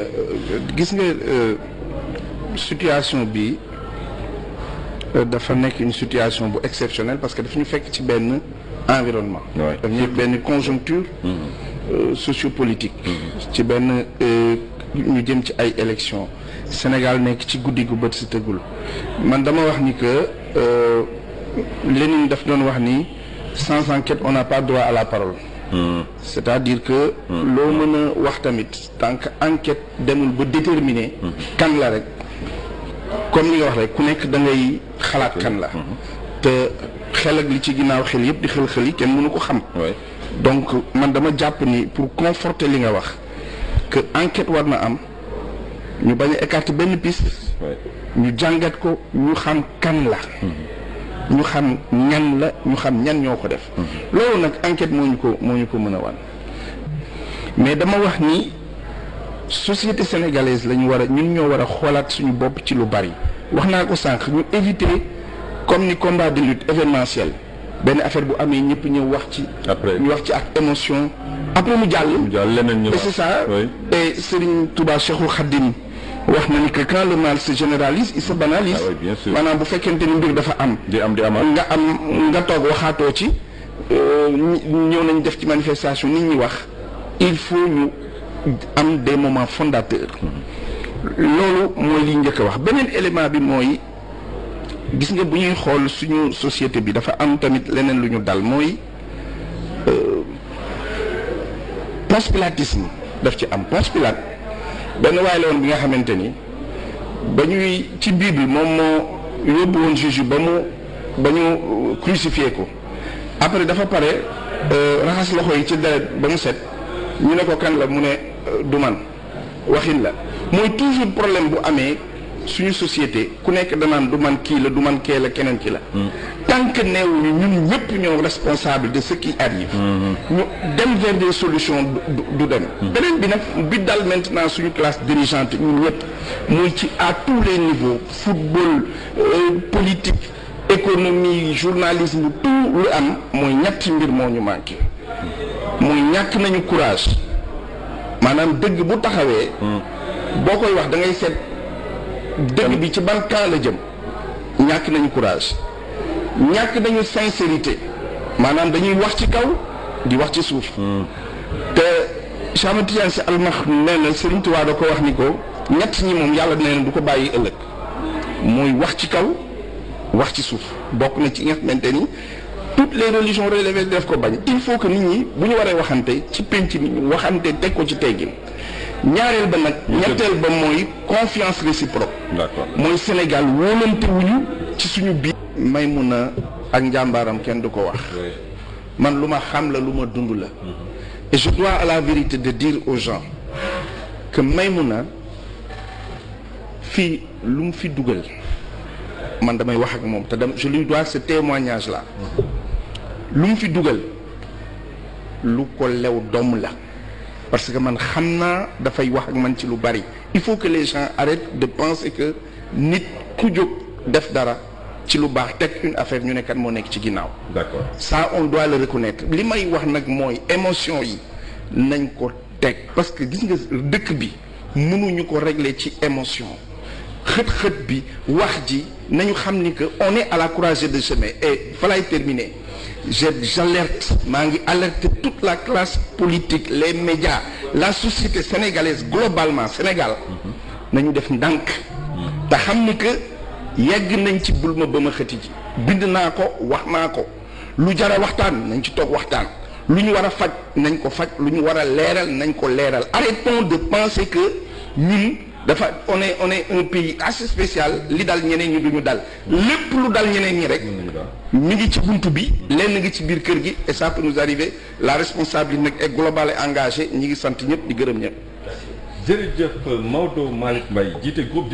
Euh, gis nga euh, situation bi euh, dafa nekk une situation bu exceptionnelle parce que daf ñu fekk ci benn environnement daf ñu benn conjoncture mm-hmm. sociopolitique mm-hmm. ci benn ñu jëm ci ay élections Sénégal nekk ci guddi gu bët si tëggul man dama wax ni que Lénine daf doon wax ni sans enquête on n'a pas droit à la parole c'est-à-dire que loo mën a wax tamit tant que enquête demul ba déterminer kan la rek comme li nga wax rek ku nekk da ngay xalaat kan la te xel ak li ci ginnaaw xel yëpp di xel xel yi kenn mënu ko xam donc man dama jàpp ni pour conforter li nga wax que enquête war na am ñu bañ a écarter benn piste ñu jàngat ko ñu xam kan la mm-hmm. ñu xam ñan la ñu xam ñan ñoo ko def mhm. loolu nag enquête moo ñu ko moo ñu ko mën a wan mais dama wax ni société sénégalaise la ñu war a ñun ñoo war a xoolaat suñu bopp ci lu bari wax naa ko sànq ñu éviter comme ni combat de lutte événementiel benn affaire bu amee ñëpp ñëw wax ci ñu wax ci ak émotion après mu jàll et c'est ça et Serigne Touba Cheikhul Khadim wax na ni que quand le mal se généralise il se banalise. Ah maanaam bu fekkente ni mbir dafa am. am di amaat nga am nga toog waxaatoo ci. Euh, ñëw nañ def ci manifestation nit ñi wax il faut ñu am des moments fondateurs. Mm-hmm. loolu mooy li njëkk a wax beneen élément bi mooy gis nga bu ñuy xool suñu société bi dafa am tamit leneen lu ñu dal mooy euh, post-pilatisme daf ci am post-pilate. benn waay la woon bi nga xamante ni ba ñuy ci bible moom moo yóbbu woon Jésus ba mu ba ñu crucifié ko après dafa pare euh, raxas loxo yi ci deret ba mu set ñu ne ko kan la mu ne euh, du man waxin la mooy toujours problème bu amee. suñu société ku nekk danaan du man kii la du man kee la keneen ki la hmm. tant que neewuñu ñun ñëpp ñoo responsable de ce qui arrive hmm. ñu dem vers des solutions du dem hmm. beneen bi nag bi dal maintenant suñu classe dirigeante ñun ñëpp muy ci à tous les niveaux football euh, politique économie journalisme tout lu am mooy ñetti mbir moo ñu manqué mooy ñàkk nañu courage maanaam dëgg bu taxawee boo koy wax da ngay seet dëgg bi ci ban camp la jëm ñàkk nañu courage ñàkk nañu sincérité maanaam dañuy wax ci kaw di wax ci suuf hmm. te Cheikh Ahmed Tidiane Sy Al Maktoum nee na Serigne Touba da ko wax ni ko ñett ñi moom yàlla nee na du ko bàyyi ëllëg mooy wax ci kaw wax ci suuf bokk na ci nga xamante ni toutes les religions relevées def ko bañ il faut que nit ñi bu ñu waree waxante ci penc ni ñu waxante teg ko ci teggin ñaareel ba nag ñetteel ba mooy confiance réciproque mooy Sénégal wóolante wuñu ci suñu biir may mun a ak njàmbaaram kenn du ko wax man lu ma xam la lu ma dund la mm-hmm. et je dois à la vérité de dire aux gens que Maïmouna fii lu mu fi dugal man damay wax ak moom te dam je lui dois ce témoignage la mm-hmm. lu mu fi dugal lu ko lew doom la parce que man xam naa dafay wax ak man ci lu bari il faut que les gens arrêtent de penser que nit ku jóg def dara ci lu baax teg une affaire ñu nekkat moo nekk ci ginnaaw. d'accord ça on doit le reconnaître li may wax nag mooy émotion yi nañ ko teg parce que gis nga dëkk bi mënuñu ko régler ci émotion. xët-xët bi wax ji nañu xam ni que on est à la croisée des chemins et falaay terminer j'alerte maa ngi alerte toute la classe politique les médias la société sénégalaise globalement Sénégal nañu def ndànk te xam ni que yegg nañ ci bul ma ba ma xëti ji bind naa ko wax naa ko lu jara waxtaan nañ ci toog waxtaan lu ñu war a faj nañ ko faj lu ñu war a leeral nañ ko leeral arrêtons de penser que ñun dafa on est on est un pays assez spécial li dal ñeneen ñi du ñu dal lépp lu dal ñeneen ñi rek mi ngi ci buntu bi lenn ngi ci biir kër gi et ça peut nous arriver la responsabilité nag est globale engagé ñi ngi sant ñëpp di gërëm ñëpp jërëjëf Maodo Malick Mbaye jiite groupe